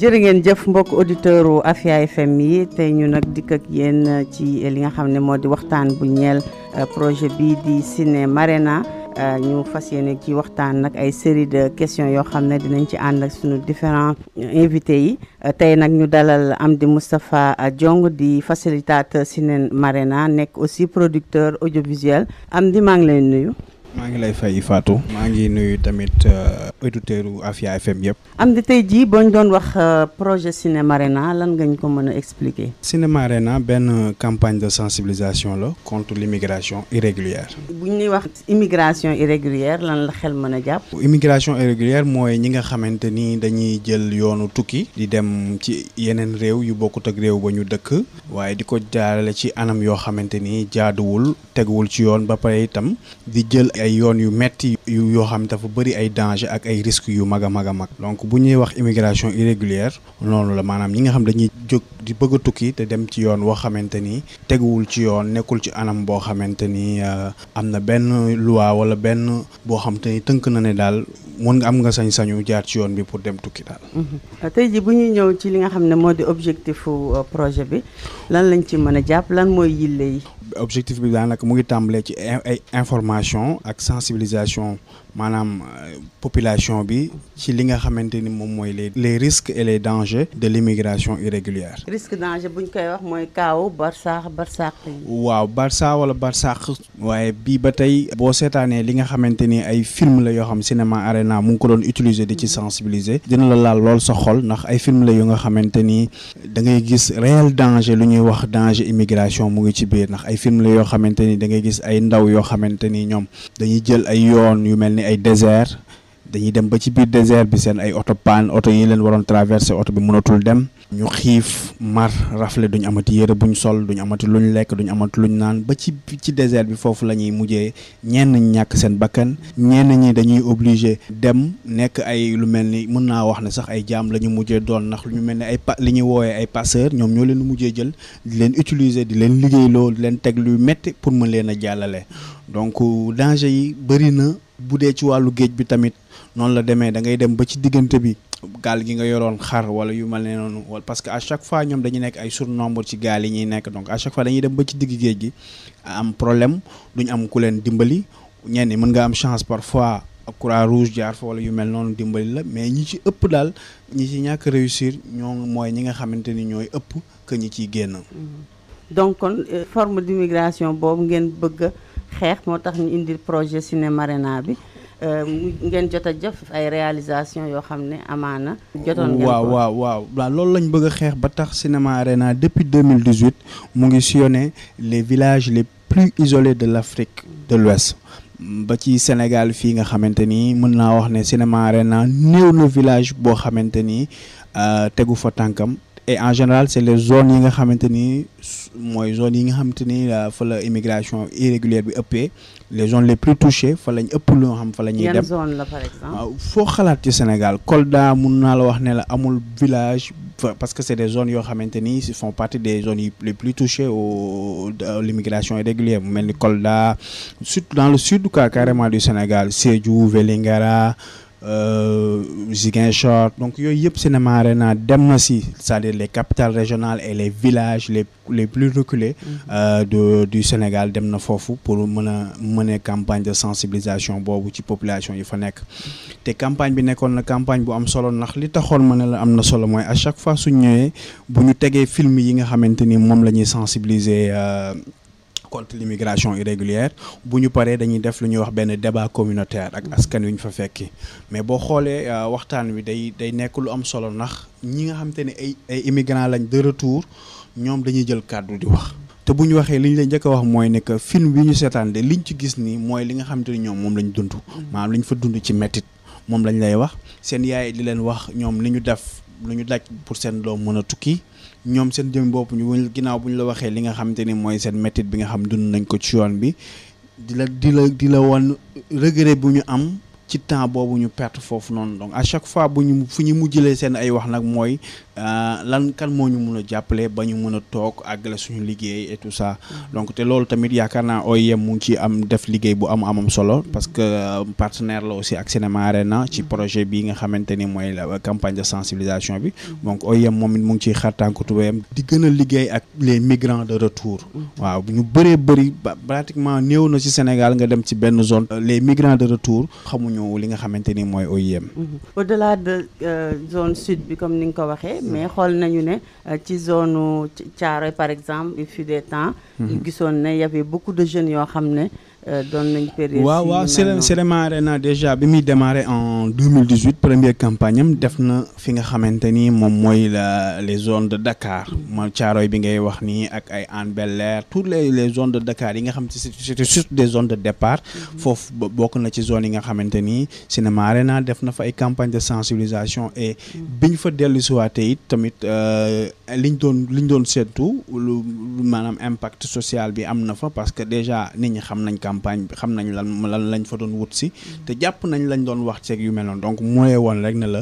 jërë ngeen jëf mbokk auditeur u Afia FM yi te ñu nag dikk ak yéen ci li nga xam ne moo di waxtaan bu ñel euh, projet bii di Cine Marena Euh, ñu fas yéene ci waxtaan nag ay série de questions yoo xam ne dinañ ci ànd ak suñu différents invités yi euh, tey nag ñu dalal am di Amdy Moustapha jong di facilitateur Cine Marena nekk aussi producteur audiovisuel Amdy maa ngi lay nuyu maa ngi lay fay Fatou. maa ngi nuyu tamit euh, auditeurs u Afia FM yëpp. am di tey jii boo ñu doon wax euh, projet Cinémarena lan nga ñu ko mën a expliquer. Cinémarena benn campagne de sensibilisation la contre l'immigration irrégulière. bu ñuy wax immigration irrégulière lan la xel mën a jàpp. immigration irrégulière mooy ñi nga xamante ni dañuy jël yoonu tukki. di dem ci yeneen réew yu bokkut ak réew ba ñu dëkk. waaye di ko jaarale ci anam yoo xamante ni jaaduwul teguwul ci yoon ba pare itam ay yoon yu metti yoo xam dafa bëri ay danger ak ay risques yu mag a mag a mag donc bu ñuy wax immigration irrégulière noonu la maanaam ñi nga xam dañuy jóg di bëgg a tukki te dem ci yoon woo xamante ni teguwul ci yoon nekkul ci anam boo xamante ni euh, am na benn loi wala benn boo xam te ni tënk na ne daal mën nga am nga sañ-sañu jaar ci yoon bi pour dem tukki daal. Mm-hmm. tey ji bu ñuy ñëw ci li nga xam ne moo di objectifu euh, projet bi lan lañ ci mën a jàpp objectif bi daanaka mu ngi tàmbalee ci ay information ak sensibilisation maanaam euh, population bi ci li nga xamante ni moom mooy les les risques et les dangers de l'immigration irrégulière. risque danger bu ñu koy wax mooy kaawu barsaax barsaax waaw barsa wala waaye bii ba tey boo seetaanee li nga xamante ni ay film la yoo xam cinéma arena mu ngi ko doon utiliser di ci sensibiliser dina la laal lool sa xol ndax ay film la yu nga xamante ni da ngay gis réel danger lu ñuy wax danger immigration mu ngi ci biir ndax film la yoo xamante ni da ngay gis ay ndaw yoo xamante ni ñoom dañuy jël ay yoon yu mel ni ay désert dañuy dem ba ci biir désert bi seen ay oto paan oto yi leen waroon traversé oto bi mënatul dem ñu xiif mar rafle duñ amati yére buñ sol duñ amati luñ lekk duñ amati luñ naan ba ci ci désert bi foofu la ñuy mujjee ñenn ñi ñàkk seen bakkan ñenn ñi dañuy obligé dem nekk ay lu mel ni mën naa wax ne sax ay jaam la ñu mujjee doon ndax lu ñu mel ni ay pa li ñuy woowee ay passeur ñoom ñoo leen mujjee jël di leen utiliser di leen liggéeyloo di leen teg luy métti pour mën leen a jàllale donc danger yi bëri na bu dee ci wàllu géej bi tamit noonu la demee da ngay dem ba ci diggante bi gaal gi nga yoroon xar wala yu mel ne noonu parce que à chaque fois ñoom dañu nekk ay surnombre ci gaal yi ñuy nekk donc à chaque fois dañuy dem ba ci digg géej gi am problème duñ am ku leen dimbali ñenn mën nga am chance parfois croix rouge jaar fa wala yu noonu dimbali la mais ñi ci ëpp daal ñi ci ñàkk réussir ñoo mooy ñi nga xamante ni ñooy ëpp que ñi ciy génn. Mm-hmm. donc kon euh, forme d'immigration boobu ngeen bëgg a xeex moo tax ñu indil projet Ciné Marena bi. Euh, ngeen jot a jëf ay réalisation yoo xam ne amaana. jotoon waaw waaw waaw waaw loolu lañ bëgg a xeex ba tax Cinéma Arena depuis 2018 mu ngi sillonné les villages les plus isolés de l'Afrique de l'Ouest ba ci Sénégal fii nga xamante ni mën naa wax ne Cinéma Arena néew na village boo xamante ni euh, tegu fa tànkam. et en général c' les zones yi nga xamante ni mooy zones yi nga xamante ni euh, fa la immigration irrégulière bi ëppee les zones les plus touchées fa lañ ëpp lu nga xam fa la ñuy dem zone la par exemple foo xalaat ci Sénégal Kolda mun naa la wax ne la amul village parce que c' est des zones yoo xamante ni ils font partie des zones yi les plus touchées au l' irrégulière mu mel ni Kolda surtout dans le sud quoi carrément du Sénégal Sédhiou Vélingara Euh, Ziguinchor donc yooyu yëpp Cinéma Arena dem na si cest à les capitales régionales et les villages les les plus reculés mm-hmm. euh, de du Sénégal dem na foofu pour mën a mener campagne de sensibilisation boobu ci population yi fa nekk te campagne bi nekkoon na campagne bu am solo ndax li taxoon ma ne la am na solo mooy à chaque fois suñ ñëwee bu ñu tegee film yi nga xamante ni moom la ñuy sensibiliser euh, contre l'immigration irrégulière bu ñu paree dañuy def lu ñuy wax benn débat communautaire ak askan wi ñu fa fekki mais boo xoolee euh, waxtaan wi day day nekk lu am solo nax ñi nga xam te ne ay ay immigrants lañ de ñoom dañuy jël kàddu di wax. te bu ñu waxee li ñu leen njëkk a wax mooy ne que film bi ñu seetaan de liñ ci gis nii mooy li nga xam ni ñoom moom lañ dund. maanaam liñ fa dund ci mettit moom lañu lay wax seen yaay di leen wax ñoom li ñu def. lu ñu daj pour seen doom mën a tukki ñoom seen jëm bopp ñu ginnaaw bu ñu la waxee li nga xamante ni mooy seen métit bi nga xam dund nañ ko ci woon bi di la di la di la wan regret bu ñu am ci temps boobu ñu perte foofu noonu donc à chaque fois bu ñu fu ñu mujjalee seen ay wax nag mooy Euh, lan kan moo ñu mun a jàppale ba ñu mun a toog àggale suñu liggéey et tout ça mm-hmm. donc te loolu tamit yaakaar naa OIM mu ngi ci am def liggéey bu am amam solo mm-hmm. parce que euh, partenaire la aussi ak Cinéma na ci mm-hmm. projet bi nga xamante ni mooy la euh, campagne de sensibilisation bi donc OIM moom it mu ngi ciy xartànku tubéyam di gën a liggéey ak les migrants de retour waaw ñu bëree bëri pratiquement néew na ci Sénégal nga dem ci benn zone les migrants de retour xamuñu li nga xamante ni mooy OIM mais xool nañu ne euh, ci zone Thiaroye par exemple il fut des temps. Mhm. gisoon ne y avait beaucoup de jeunes yoo xam ne. doon waaw waaw Sélema Arena déjà bi muy démarré en 2018 première campagne am def na fi nga xamante ni moom mooy la les zone de Dakar ma Thiaroye bi ngay wax nii ak ay Hann Bel-Air toutes les les zones de Dakar yi nga xam te c'était juste des zones de départ. Mm-hmm. foofu bokk na ci zone yi nga xamante ni Sélema naa def na fa ay campagne de sensibilisation et mm-hmm. biñ fa dellu si waatee it tamit euh, liñ doon liñ doon seetu lu maanaam impact social bi am na fa parce que déjà nit ñi xam nañ ko. campagne bi xam nañ lan lan lañ fa doon wut si te jàpp nañ lañ doon wax ceeg yu mel noonu donc mooy woon rek ne la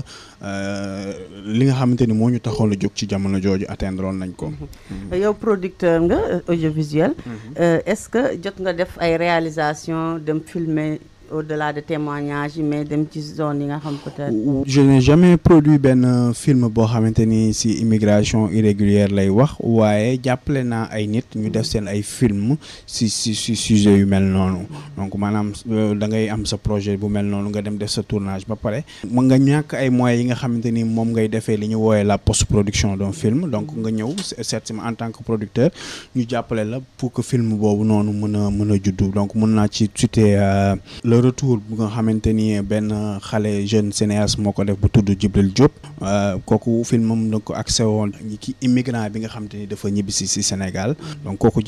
euh, li nga xamante ni moo ñu taxoon a jóg ci jamono jooju atteindre woon nañ ko mm-hmm. euh, yow producteur nga euh, audiovisuel mm-hmm. est jot nga def ay réalisation dem filmer au-delà de témoignages yi mais dem ci zone yi nga xam peut-être. je n'ai jamais produit benn film boo xamante ni ci immigration irrégulière lay wax waaye jàppale naa ay nit ñu def seen ay film ci ci ci sujet yu mel noonu donc maanaam euh, da ngay am sa projet bu mel noonu nga dem def sa tournage ba pare. mën nga ñàkk ay moyens yi nga xamante ni moom ngay defee li ñu wooyee la post-production d'un film donc nga ñëw certainement en tant que producteur ñu jàppale la pour que film boobu noonu mën a mën a juddu donc mën naa ci citer euh, le retour bu nga xamante ni benn xale jeune cinéaste moo ko def bu tudd Djibril Diop euh, kooku filmam da ko accès woon ci immigrant bi nga xamante ni dafa ñibbisi si Sénégal donc kooku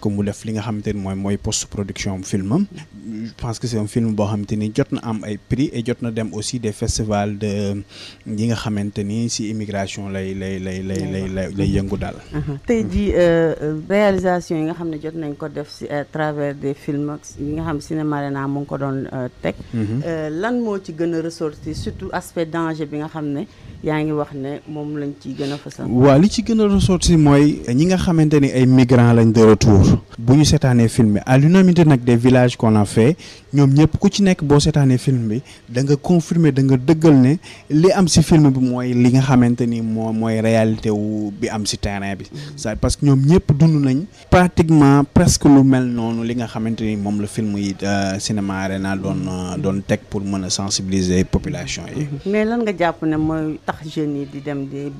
ko mu def li nga xamante ni mooy mooy post production filmam je pense que c'est un film boo xamante ni jot na am ay prix et jot na dem aussi des festivals de yi nga xamante ni si immigration lay lay lay lay lay lay lay yëngu daal uh-huh. tey jii euh, réalisation yi nga xam ne jot nañ ko def si à travers des yi nga xam cinéma naa mu ko doon doon euh, mm-hmm. euh, lan moo ci gën a ressortir surtout aspect danger bi nga xam ne. yaa ngi wax ne moom lañ ci gën a fësal. waaw li ci gën a ressorti mooy ñi nga xamante ni ay migrants lañ de retour. bu ñu seetaanee film bi à l'unanimité nag des villages qu'on fait ñoom ñëpp ku ci nekk boo seetaanee film bi da nga confirmer da nga dëggal ne li am si film mooy li nga xamante ni moo mooy réalité wu bi am si terrain bi. c'est mm-hmm. parce que ñoom ñëpp dund nañ. pratiquement presque lu mel noonu li nga xamante ni moom la film yi euh, cinéma naa doon euh, doon teg pour mën a sensibiliser population yi. Mm-hmm. tax jeunes yi di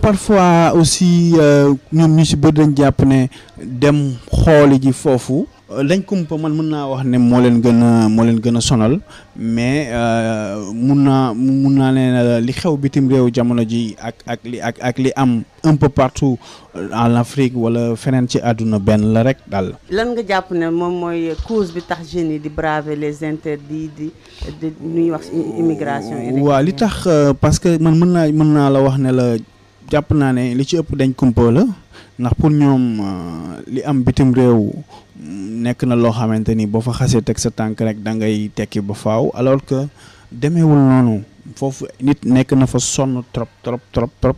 parfois aussi euh, ñoom ñu si bëri dañ jàpp ne dem xooli ji foofu. dañ kumpa man mun naa wax ne moo leen gën a moo leen gën a sonal mais euh, mun naa mun naa ne euh, li xew bitim réew jamono ji ak ak li ak ak li am un peu partout euh, en wala feneen ci àdduna benn la rek daal. lan jàpp ne moom mooy cause bi tax jeunes yi di braver les interdits di di ñuy wax immigration. li tax parce que man mën naa mën naa la wax ne la jàpp naa ne li ci ëpp dañ kumpa la ndax pour ñoom li am bitim réew. nekk na loo xamante ni boo fa xasee teg sa tànk rek da ngay tekki ba faaw alors que demeewul noonu foofu nit nekk na fa sonn trop trop trop trop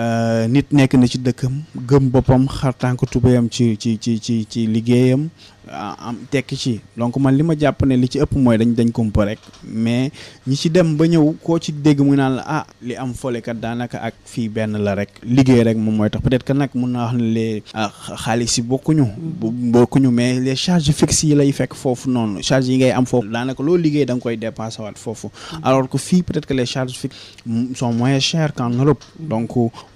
euh, nit nekk na ci dëkkam gëm boppam xar tànk tubéyam ci ci ci ci ci liggéeyam am tekki ci donc man li ma jàpp ne li ci ëpp mooy dañ dañ kumpa rek mais ñi ci dem ba ñëw koo ci dégg mu naan ah li am folekat daanaka ak fii benn la rek liggéey rek moom mooy tax peut-être que nag mun naa wax ne les ah, xaalis yi bokkuñu bokkuñu mais les charges fixes lay fekk foofu noonu charges yi am foofu daanaka loolu liggéey da nga koy dépassé waat foofu alors que fii peut-être que les charges fixes sont moins chères qu'en donc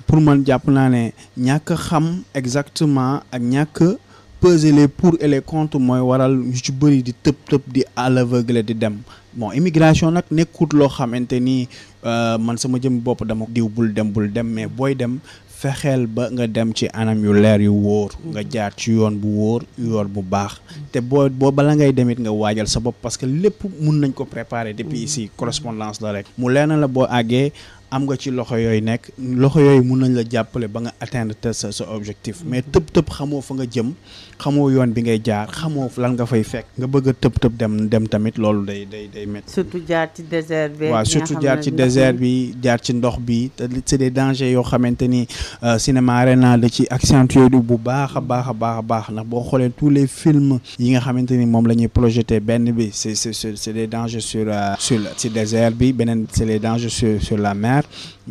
pour man jàpp naa ne ñàkk xam exactement ak ñàkk peser les pour et les mooy waral ñu ci bëri di tëb tëb di à l'aveugle di dem moo immigration nag nekkut loo xamante ni euh, man sama jëm bopp dama diw bul dem bul dem mais booy dem fexeel ba nga dem ci anam yu leer yu wóor nga jaar ci yoon bu wóor yoor bu baax te boo boo bala ngay demit nga waajal sa bopp parce que lépp mun nañ ko préparer depuis ici correspondance la rek mu leer na la boo àggee am nga ci loxo yooyu nekk loxo yooyu mun nañ la jàppale ba nga atteindre te sa sa objectif mm-hmm. mais tëb tëb xamoo fa nga jëm xamoo yoon bi ngay jaar xamoo lan nga fay fekk nga bëgg a tëb tëb dem dem tamit loolu day day day métti. surtout jaar ci désert bi. jaar ci désert bi jaar ci ndox bi te c'est des dangers yoo xamante ni euh, cinéma Arena da ci accentué du bu baax a baax a baax a baax ndax boo xoolee tous les films yi nga xamante ni moom la ñuy projeté benn bi c'est c'est c'est des dangers sur euh, sur ci désert bi beneen c'est les dangers sur sur la mer. jaar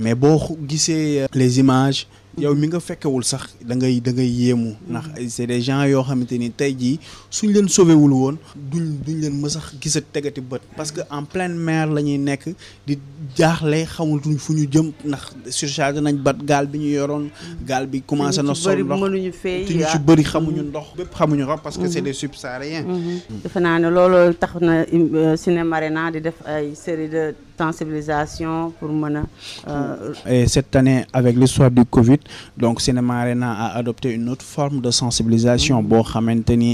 mais boo gisee euh, les images yow mi nga fekkewul sax da ngay da ngay yéemu ndax ay c'est des gens yoo xamante ni tey jii suñ leen sauvé wul woon duñ duñ leen mësax a gis a tegati bët parce que en pleine maire la ñuy nekk di jaaxle xamultuñ fu ñu jëm ndax surcharge nañ bat gaal bi ñu yoroon gaal bi commencé na sol ndox te ñu ci bëri xamuñu mm-hmm. ndox bépp xamuñu ndox parce que mm-hmm. c'est des subsahariens mm-hmm. mm. defe naa ne tax na euh, Cinémarena di def ay série de sensibilisation pour mën a. Euh, et cette année avec l'histoire du Covid donc Cinéma Arena a adopté une autre forme de sensibilisation mm-hmm. boo xamante ni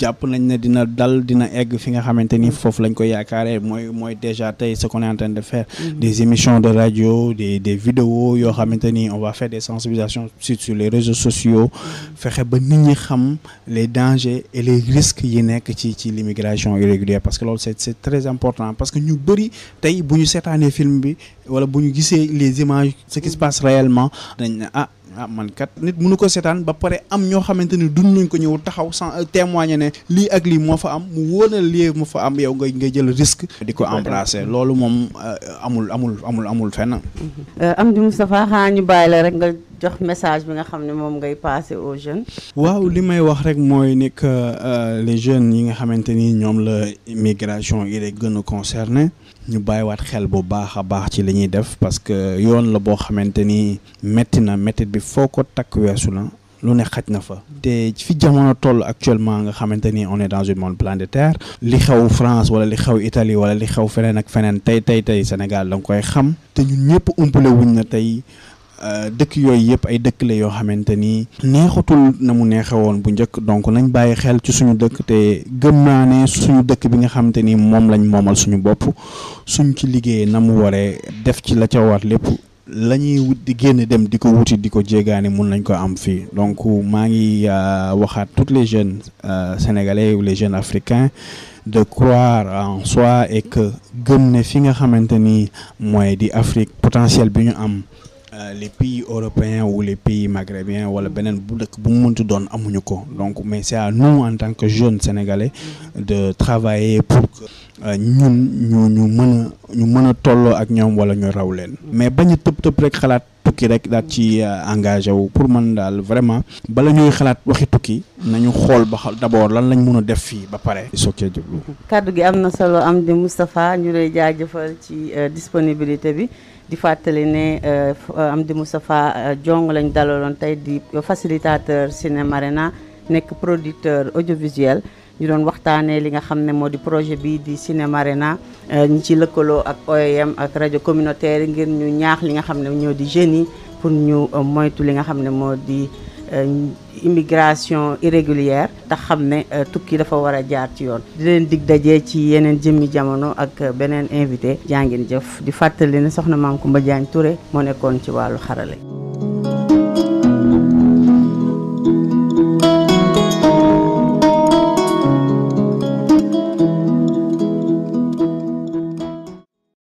jàpp nañ ne dina dal dina egg fi nga xamante ni mm-hmm. foofu lañ koy yaakaaree mooy mooy déjà tey ce qu'on est en de faire mm-hmm. des émissions de radio des des vidéos yoo xamante ni on va faire des sensibilisations sur les réseaux sociaux fexe ba nit ñi xam les dangers et les risques yi nekk ci ci l'immigration irrégulière parce ñu seetaanee film bi wala bu ñu gisee les images ce qui se passe réellement dañ ne ah ah man kat nit mënu ko seetaan ba pare am ñoo xamante ni dund nañ ko ñëw taxaw sans euh, témoigner ne lii ak lii moo fa am mu wóona lii moo fa am yow nga ngay jël risque di ko embrasser loolu moom euh, amul amul amul amul fenn euh, Amdy Moustapha xanaa ñu bàyyi la rek nga jox message bi nga xam ne moom ngay passer aux jeunes waaw li may wax rek mooy ni que les jeunes yi nga xamante ni ñoom la immigration yi gën a concerné ñu bàyyiwaat xel bu baax a baax ci li ñuy def parce que yoon la boo xamante ni métti na métti bi foo ko takk weesu na lu ne xaj na fa te fi jamono toll actuellement nga xamante ni on est dans une monde planétaire li xew France wala li xew itali wala li xew feneen ak feneen tey tey tey Sénégal da koy xam te ñun ñëpp umpale wuñ na tey Euh, dëkk yooyu yëpp ay dëkk la yoo xamante ni neexatul na mu neexe bu njëkk donc nañ bàyyi xel ci suñu dëkk te gëm naa ne suñu dëkk bi nga xamante ni moom lañ moomal suñu bopp suñ ci liggéeyee na mu waree def ci la ca lépp la ñuy di génn dem di ko di ko jéegaani mun nañ ko am fii donc maa ngi euh, waxaat toutes les jeunes euh, sénégalais ou les jeunes africains de soi et ne fi nga xamante ni mooy di Afrique potentiel bi ñu am Euh, les pays européens ou les pays maghrébiens wala beneen bu dëkk bu mu mëntu doon amuñu ko donc mais c'est à nous en tant que jeunes sénégalais de travailler pour que euh, ñun ñu ñu mën ñu mën a tolloo ak ñoom wala ñu raw leen mais bañ a tëb tëb rek xalaat tukki rek daal ci euh, engagé wu pour man daal vraiment bala ñuy xalaat waxi tukki nañu xool ba d'abord lan lañ mën a def fii ba pare soog cee gi am na solo am di Moustapha ñu lay jaajëfal ci disponibilité bi di fàttali ne euh, Amdy Moustapha euh, jong lañ dalaloon tey di facilitateur na nekk producteur audiovisuel ñu doon waxtaanee li nga xam ne moo di projet bi di na euh, ñu ci lëkkaloo ak OIM ak rajo communautaire ngir ñu ñaax li nga xam ne ñoo di jeunes yi pour ñu moytu li nga xam ne moo di Euh, immigration irrégulière te xam ne euh, tukki dafa war a jaar ci yoon di leen dig dajee ci yeneen jëmmi jamono ak beneen invité jaa ngeen jëf di fàttali ne soxna maam Kumba Diagne Touré moo nekkoon ci wàllu xarale